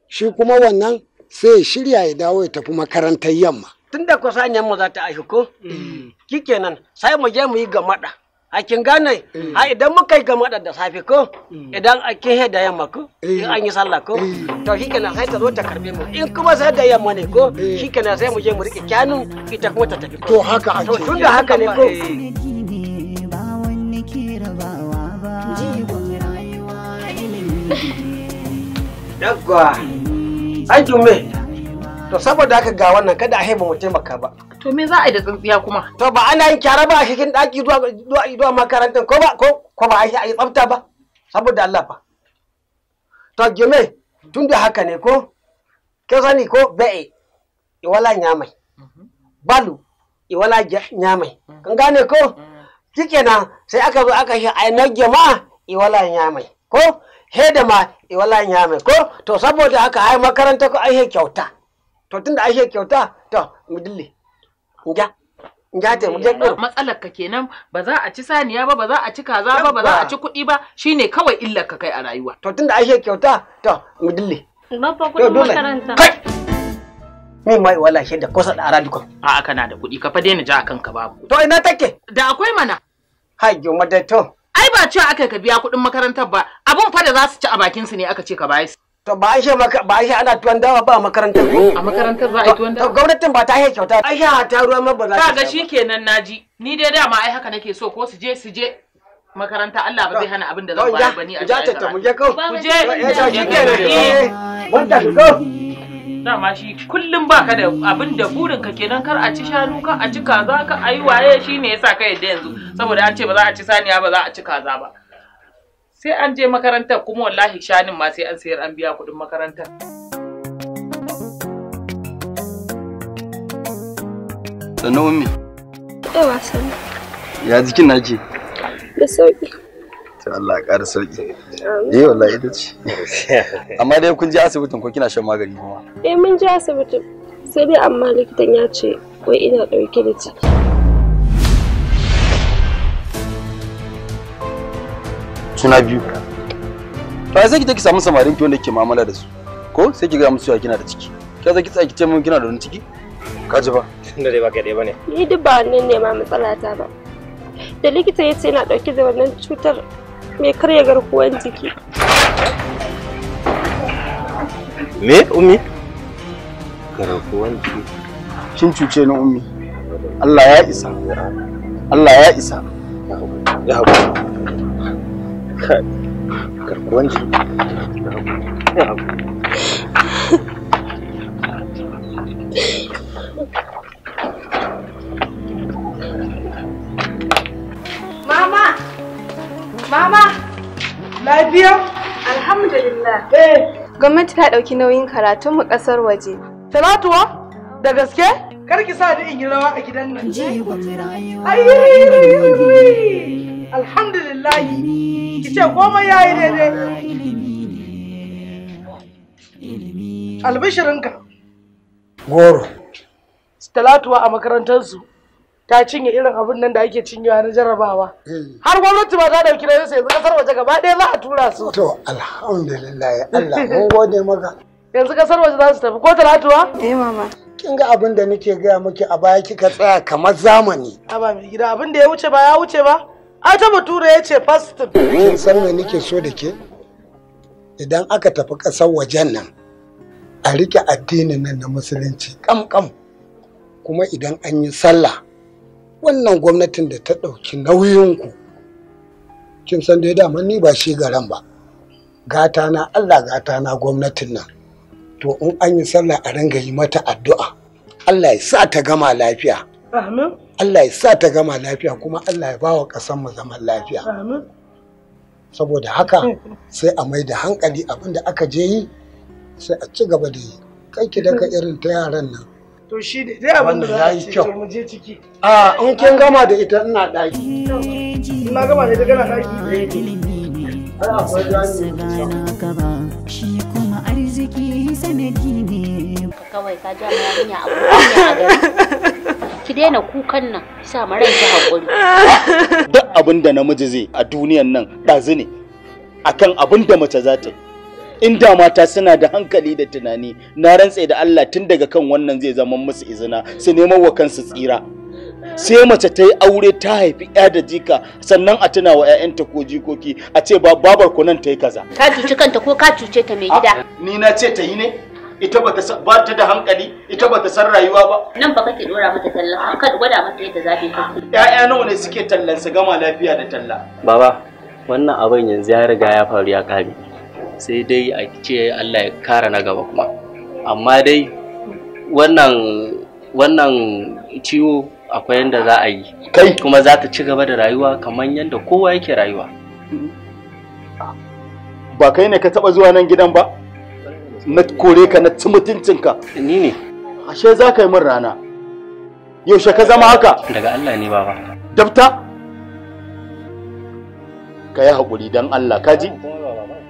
S9: shi kuma wannan sai ya shirya ya dawo ya tafi makarantar yamma
S10: tun da kusan yamma za ta ashe ko mm. kikenan sai mu je mu yi gamaɗa a kin gane eh. a idan muka yi gama da safe ko eh. idan a kin da yamma ko eh. in an yi sallah ko to shi shikenan sai ta zo ta karbe mu in kuma sai da yamma ne ko shikenan sai mu je mu rike kyanun ita kuma ta tafi to haka a to tunda haka ne ko Yagwa, an jume. To saboda haka ga wannan kada a haiba mu taimaka ba. To me za a yi da tsintsiya kuma? To ba ana yin kyara ba a cikin ɗaki zuwa zuwa makarantar ko ba ko ko ba a yi tsafta ba saboda Allah fa. To gime tun da haka ne ko ke sani ko be'e iwala nyamai balu iwala nyamai kan gane ko shikenan sai aka zo aka shi ai na jama'a iwala nyamai ko Hedema iwala nyamai ko to saboda haka ai makaranta ko ai kyauta to tunda ake kyauta to mu dille mu ja te mu je eh,
S4: Matsalar ka kenan ba za a ci saniya ba ba za a ci kaza ba ba za a ci kuɗi ba shine kawai illar ka kai a rayuwa.
S10: To tunda ake kyauta to mu dille. Ba fa kuɗin makaranta. Kai.
S4: mai wala shi da kosa da a A'a kana da kuɗi ka fa daina ja kanka babu.
S10: To ina take? Da akwai mana.
S4: Hajjo madaito. Ai ba cewa aka ka biya kuɗin makarantar ba abun fa da za su ci a bakin su ne aka ce ka bayar.
S10: To ba shi maka ba shi ana tuwon dawa ba a makarantar. A makarantar za a yi tuwon dawa. Gwamnatin ba ta yi kyauta. Ai sha ta ruwa ma ba za ta. Kaga
S4: shikenan naji. Ni dai dama ai haka nake so ko su je su je makaranta Allah ba zai hana abin da zan bayar bani a jami'a. ta mu je ko. Ku je. ni shikenan.
S10: Wanda ku go. Eh,
S4: dama shi kullum ka da abin da burin ka kenan kar a ci shanu ka a ci kaza ka ayi waye shine yasa ka yadda yanzu saboda an ce ba za a ci saniya ba za a ci kaza ba. sai an je makarantar kuma wallahi shanin ma sai an sayar an biya kuɗin makarantar.
S6: Sanomi. Ewa,
S2: Yawa sannan.
S6: Ya jikin nake? Da sauƙi. Ta Allah ƙara sauƙi. Eh wallahi ita ce. Amma dai kun je asibitin ko kina shan magani kuma?
S2: Eh mun je asibitin. Sai dai amma likitan ya ce wai ina ɗauke da ciki.
S6: suna biyu to sai ki je samu samarin ki wanda ke mu'amala da su ko sai ki ga musu ya kina da ciki ka zaki tsaya ki ce mun kina da wani ciki ka ji ba tunda dai ba kai dai bane
S2: ni duk ba wannan ne ma matsala ta ba da likita ya ce na dauke da wannan cutar mai karya garkuwar jiki
S7: me ummi
S6: garkuwar jiki
S7: kin cuce ni ummi
S6: Allah ya isa Allah ya isa
S5: ya haƙuri Mama!
S4: Mama! Lafiya? Alhamdulillah.
S2: Gwamnati ta ɗauki nauyin karatunmu ƙasar waje. Talatuwa? Da gaske?
S4: Kar ki sa da in yi rawa a gidan nan. yi gwamnati.
S10: Alhamdulillahi. ki ce komai ya yi daidai albishirinka goro talatuwa a makarantarsu ta cinye irin abin nan da ake cinyewa na jarabawa eh. har gwamnati ba ta dauki da sai yanzu kasar waje gaba ɗaya za a tura su to
S9: alhamdulillah Allah mun gode maka
S10: yanzu kasar waje za su tafi ko talatuwa eh mama
S9: kin ga abin da nake gaya miki a baya kika tsaya kamar zamani
S10: a ba mai gida abin da ya wuce ba ya wuce ba ai ta bature ya ce
S9: fastin kin san me nike so da ke idan aka tafi ƙasar wajen nan a rike addinin nan na musulunci kam-kam kuma idan an yi sallah wannan gwamnatin da ta ɗauki nauyinku kin san dai dama ni ba shi garan ba gata na allah gata na gwamnatin nan to in an yi sallah a ringa yi mata addu'a allah ya sa ta gama lafiya amin Allah ya sa ta gama lafiya kuma Allah ya bawa ƙasar mu zaman lafiya saboda haka sai a mai da hankali abinda aka je yi sai a ci gaba da yi kai ki daga irin ta yaran nan
S10: to shi ne dai abin da za a mu je ciki
S9: a in kin gama da ita ina daki
S10: ina gama da ita kana
S1: daki kawai ka ja yarinya
S8: a gari daina kukan nan sa ma ta hakuri
S5: duk abin da namiji zai a duniyan nan ɗazu ne akan abin da mace za ta yi inda mata suna da hankali da tunani na rantse da Allah tun daga kan wannan zai zama musu izina su neman wa kansu tsira sai mace ta yi aure ta haifi ya da jika sannan a tuna wa 'ya'yanta ko jikoki a ce babar ku nan ta yi kaza
S8: ka cuci kanta ko ka cuce ta mai gida
S5: ni na ce ta yi ne ita ba ta da hankali ita ba ta san rayuwa ba
S8: nan ba kake dora mata talla an ka gwada mata yadda zafi kake ƴaƴa nawa ne
S5: suke tallan su gama lafiya da talla
S3: baba wannan abin yanzu ya riga ya faru ya kare sai dai a ce Allah ya kara na gaba kuma amma dai wannan wannan ciwo akwai yadda za a yi kai kuma za ta ci gaba da rayuwa kamar yadda kowa yake rayuwa
S5: ba kai ne ka taba zuwa nan gidan ba na kore ka na ci mutuncinka ni ne ashe za ka yi min rana
S3: yaushe ka zama haka daga Allah ne baba
S5: dabta ka yi haƙuri don Allah ka ji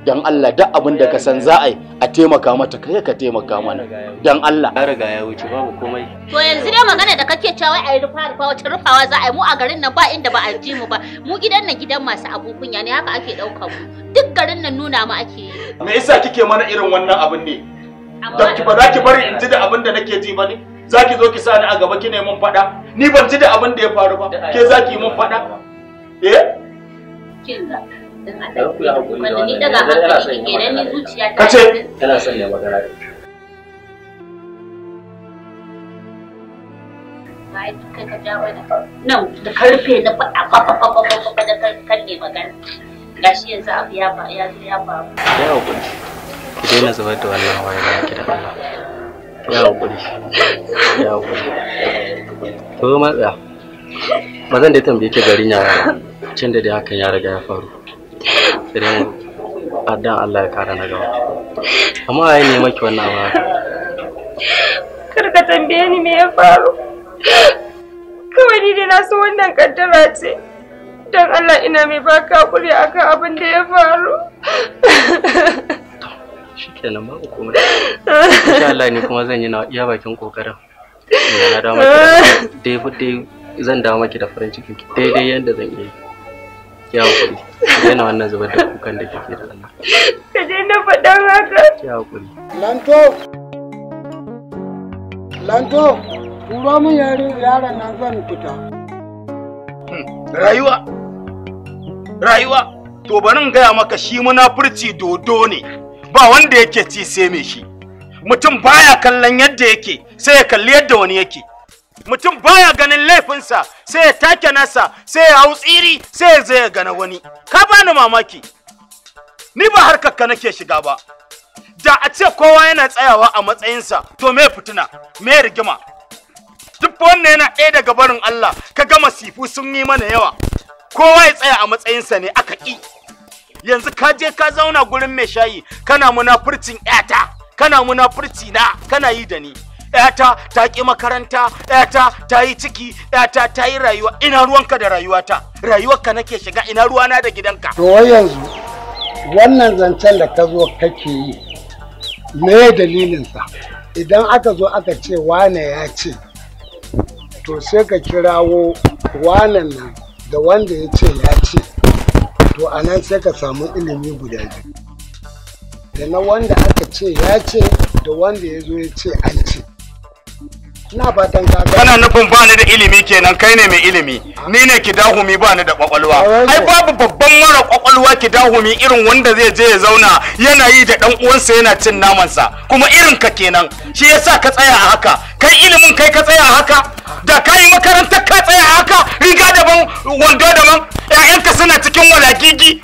S5: dan Allah duk abin da ka san za a yi a taimaka
S3: mata kai ka taimaka mana dan Allah ya riga ya wuce babu komai
S8: to yanzu dai magana da kake cewa a yi rufa rufa wata rufawa za a yi mu a garin nan ba inda ba a ji mu ba mu gidan nan gidan masu ya ne haka ake ɗauka mu duk garin nan nuna mu ake
S5: yi me yasa kike mana irin wannan abin ne
S8: da ki ba za ki bari in
S5: ji da abin da nake ji ba ne za ki zo ki sa ni a gaba ki ne mun faɗa ni ban ji da abin da ya faru ba ke za ki yi mun faɗa
S8: eh Wanda na daga ta. magana da ita. ya da ba da ya ya
S3: ya ya zubar da wannan waya da ki da Allah ya hakuri ya hakuri to matsa ba zan da tambaye ke garin yara can da dai hakan ya riga ya faru idan addan Allah ya kara na gaba amma ya maki wannan ba
S2: kar ka tambaye ni me ya faru kawai ni dai na so wannan kaddara ce dan Allah ina mai baka
S4: hakuri akan abin da ya faru
S3: shikenan babu komai insha Allah ni kuma zan yi na iya bakin kokarin ina na maki dai dai zan dawo maki da farin ciki daidai yadda zan iya ya hakuri yana wannan zubar da kukan da kike da Allah
S9: ka je na faɗan haka ya hakuri lanto lanto turo min yaron yaron nan zan fita hmm, rayuwa rayuwa
S5: to bari in gaya maka shi munafurci dodo ne ba wanda yake ci sai me shi mutum baya kallon yadda yake sai ya kalli yadda wani yake mutum baya ganin laifinsa sai ya take nasa sai ya hau tsiri sai ya zai gana wani ka bani mamaki ni ba harkar ka nake shiga ba da a ce kowa yana tsayawa a matsayinsa to me fitina me rigima duk wanda yana ɗaya daga barin Allah ka gama sifu sun yi mana yawa kowa ya tsaya a matsayinsa ne aka ƙi yanzu ka je ka zauna gurin mai shayi kana munafurcin 'yata kana munafurci na kana yi da ni yata ta ki makaranta yata ta yi ciki yata ta yi rayuwa ina ruwanka da rayuwata rayuwarka nake shiga ina ruwana da gidanka
S9: to yanzu wannan zancen da ka zo kake yi me dalilinsa idan aka zo aka ce wane ya ce to sai ka kirawo wanan nan da wanda ya ce ya ce to a nan sai ka samu ilimi guda biyu da na wanda aka ce ya ce da wanda ya zo ya ce an ce Kana nufin ba
S5: ni da ilimi kenan kai ne mai ilimi. Ni ne kidahumi ba ni da kwakwalwa. Ai
S9: babu babban
S5: mara kwakwalwa kidahumi irin wanda zai je ya zauna yana yi da dan uwansa yana cin naman sa Kuma irin ka kenan. Shi yasa ka tsaya a haka. Kai ilimin kai ka tsaya a haka. Da kai makarantar ka tsaya a haka. Riga daban wando daban. 'Ya'yanka suna cikin walakiki.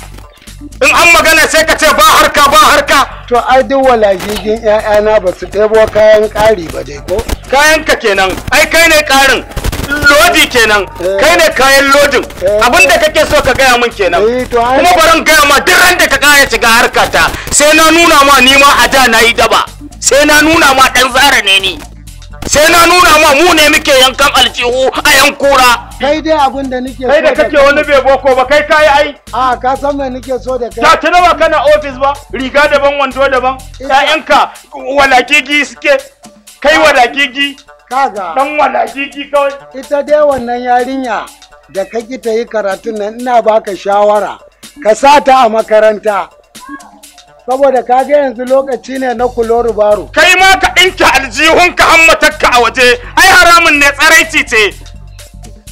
S9: in an magana sai ka ce ba harka ba harka to ai duk walagigin ƴaƴana ba su ɗebo kayan ƙari ba dai ko kayan ka kenan ai kai ne ƙarin
S5: lodi kenan eh. kai ne kayan lodin eh. abin da kake so ka gaya min kenan eh, kuma barin gaya ma duk ran da ka ƙara shiga harkata sai na nuna ma nima a da na yi daba sai na nuna ma ɗan zara ne
S9: sai na nuna ma mu ne muke
S5: yankan alcihu a yankura.
S9: kai dai abin da nake kai da kake wani bai boko ba kai kai ai a
S5: ka san me nake so da kai ta tuna ba kana office ba riga daban wando daban ƴaƴanka
S9: walakigi suke kai walakigi kaga dan walakigi kawai ita dai wannan yarinya da kake ki ta yi karatun nan ina baka shawara ka sa ta a makaranta saboda ka ga yanzu lokaci ne na kuloru baro
S5: kai ma ka ɗinke aljihunka hammatakka a waje ai haramun ne tsaraici ce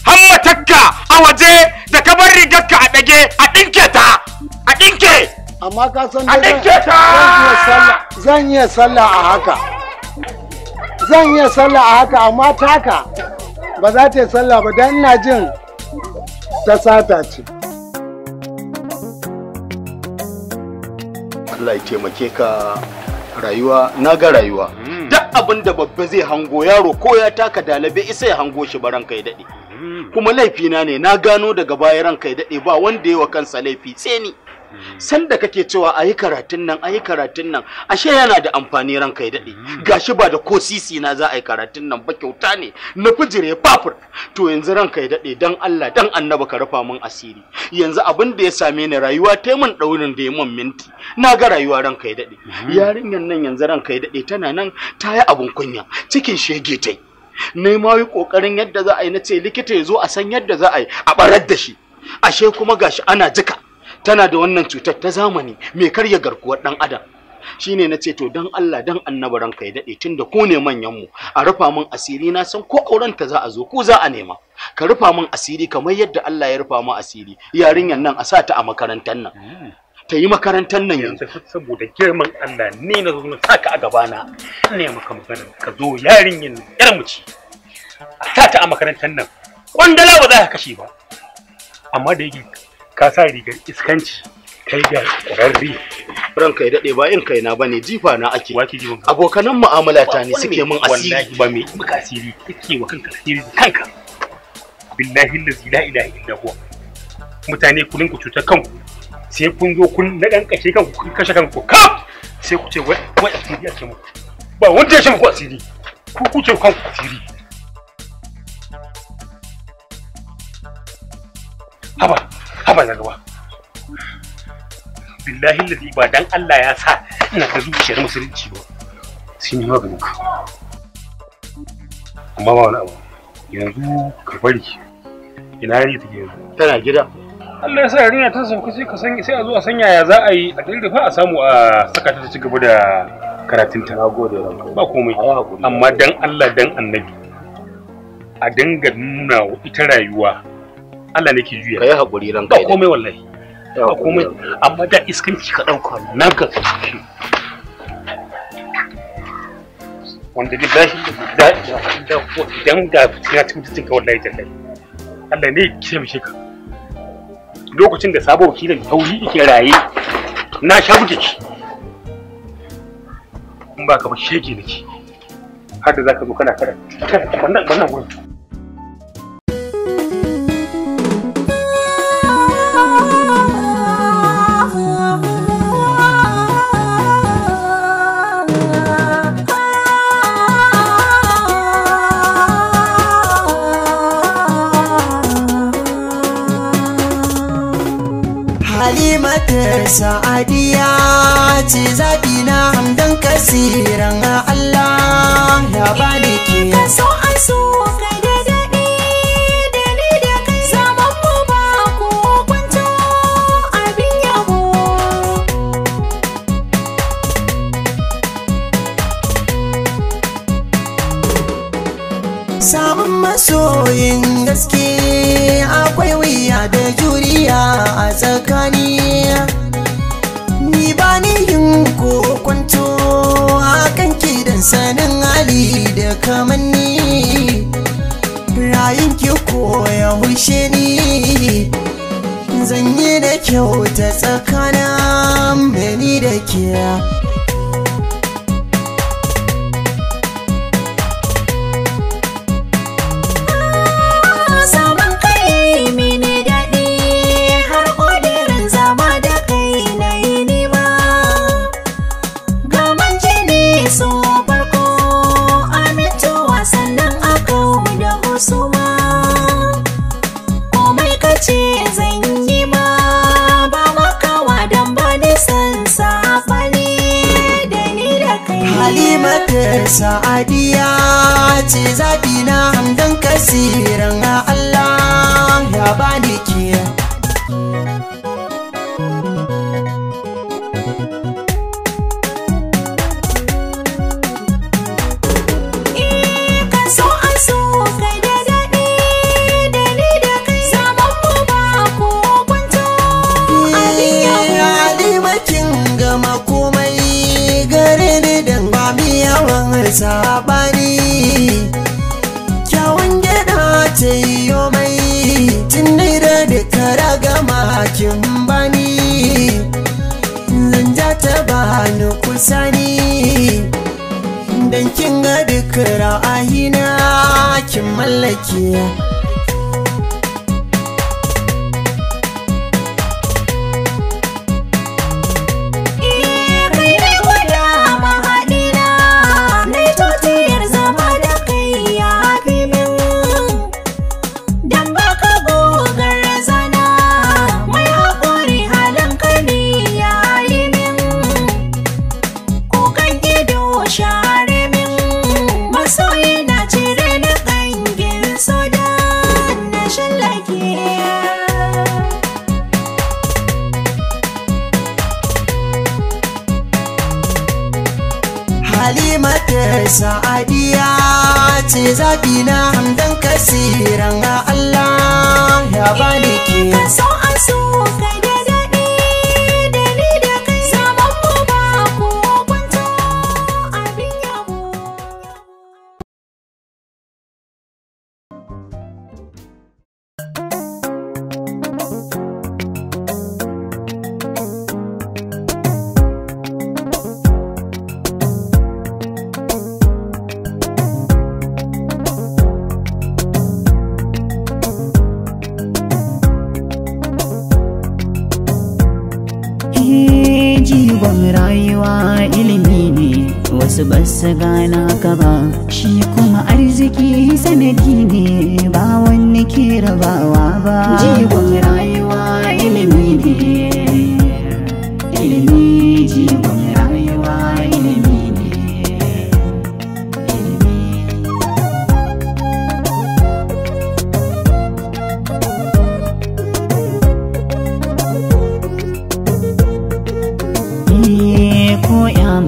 S5: hammatakka a waje da ka bar rigarka a ɗage a ɗinke ta
S9: a ɗinke amma ka san a ta zan iya sallah a haka zan iya sallah a haka amma taka ba za ta yi sallah ba don ina jin ta sata ce
S5: Allah ya taimake ka rayuwa na ga rayuwa hmm. duk abin da babba zai hango yaro ko ya taka dalabe isa ya hango shi ba ranka ya daɗe hmm. kuma laifina ne na gano daga baya ranka ya daɗe ba wanda ya wa kansa laifi sai ni sanda kake cewa ayi karatun nan ayi karatun nan ashe yana da amfani ranka ya dade mm-hmm. gashi ba da ko sisi na za a yi karatun nan ba kyauta ne na fijire papur to yanzu ranka ya dade dan Allah dan annaba ka rufa min asiri yanzu abin da ya same ni rayuwa ta mun daurin da ya mun minti na ga rayuwa ranka ya dade mm-hmm. Yarinyan nan yanzu ranka ya dade tana nan ta yi abun kunya cikin shege ta ne ma yi kokarin yadda za a yi na ce likita ya zo a san yadda za a yi a barar da shi ashe kuma gashi ana jika tana da wannan cutar ta zamani mai karya garkuwar dan adam shine na ce to dan Allah dan annabi ranka ya dade tunda ku ne manyan mu a rufa min asiri na san ko auren ta za a zo ku za a nema ka rufa min asiri kamar yadda Allah ya rufa min asiri yarinyar nan a sa ta a makarantar nan hmm. ta yi makarantar nan yanzu saboda girman Allah ne na zo na saka a gabana ne maka magana ka zo yarinyar yar mu ci a sa ta a makarantar nan kwandala ba za ka kashe ba amma da yake ka sa rigar iskanci kai da ƙwararri ranka ya daɗe bayan kai na bane jifa na ake abokanan mu'amala ta ne suke min asiri ba mai muka asiri kake wa kanka asiri kanka billahi lazi la ilaha illa huwa mutane ku ku cutar kanku sai kun zo kun na dan kashe kanku kun kashe kanku kaf sai ku ce wai wai asiri ake muku ba wanda ya shi muku asiri ku ku ce kanku asiri haba ba zaga ba billahi lazi ba dan Allah ya sa ina ga zuciyar musulunci ba sai ni maganin ka amma ba wani abu yanzu ka bari ina ne take yanzu tana gida Allah ya sa yarinya ta sauka sai ka san sai a zo a sanya ya za a yi a fa a samu a saka ta ci gaba da karatun ta nagode ba komai amma dan Allah dan annabi a dinga nuna ita rayuwa Allah ne ke juya. Kai hakuri ran kai. Ba komai wallahi. Ba komai amma da ki ka dauka naka. Wanda ba bashi da da idan ga ya ci mutuncin ka wallahi ta kai. Allah ne ya mishi ka. Lokacin da sabo wakilin tauri yake raye na sha buke ki. In ba ka ba shege nake. Har da zaka zo kana kada. Wannan wannan gurin.
S1: sa'adiya ce zaɓi na hamdan kasiran Allah ya ba da ke so an so ka da daɗi da ni da kai zaman mu ba ku kwanto abin yabo samun masoyin gaske akwai wuya da juriya a tsakani Sanin ali da kamanni rayun ki koya hushe ni zanye da kyau ta tsakanin mani da kiya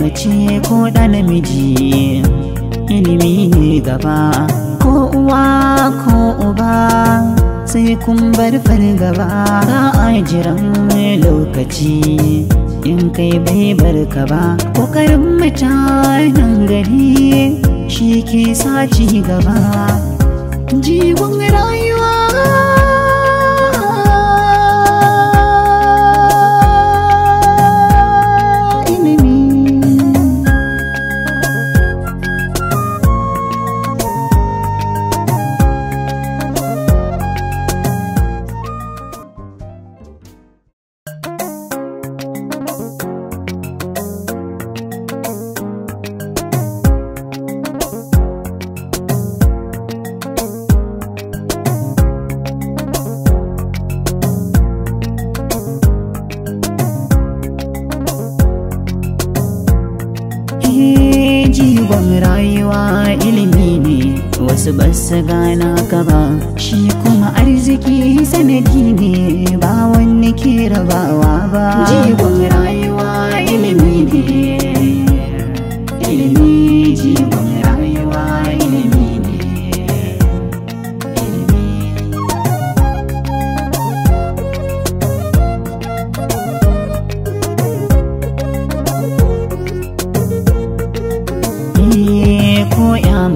S1: mace ko ɗa namiji ilimi ne gaba ko uwa ko uba sai kun bar fargaba ba a jiran lokaci in kai bai bar ka ba ƙoƙarin mutanen gari shi ke sa ci gaba jigon rayu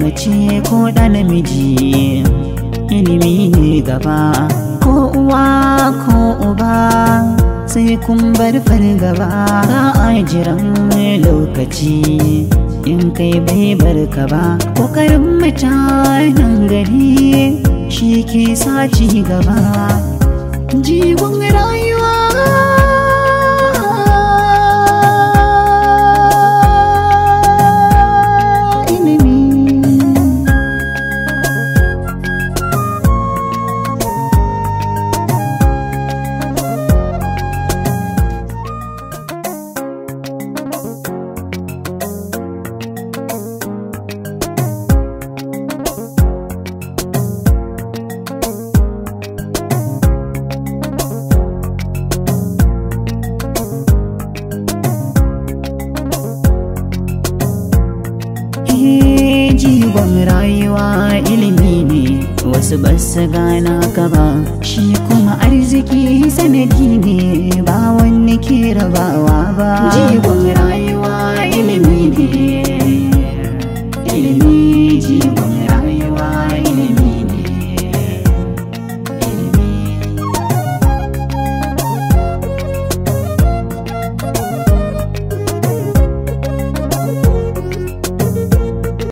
S1: mace ko da namiji ilimi ne gaba ko uwa ko uba sai kun bar fargaba ba a jiran lokaci in kai bai barka ba ƙoƙarin mutanen gari shi ke sa ci gaba jigon rayuwa su bar su gana gaba shi kuma arziki sanadi ne ba wani ke raba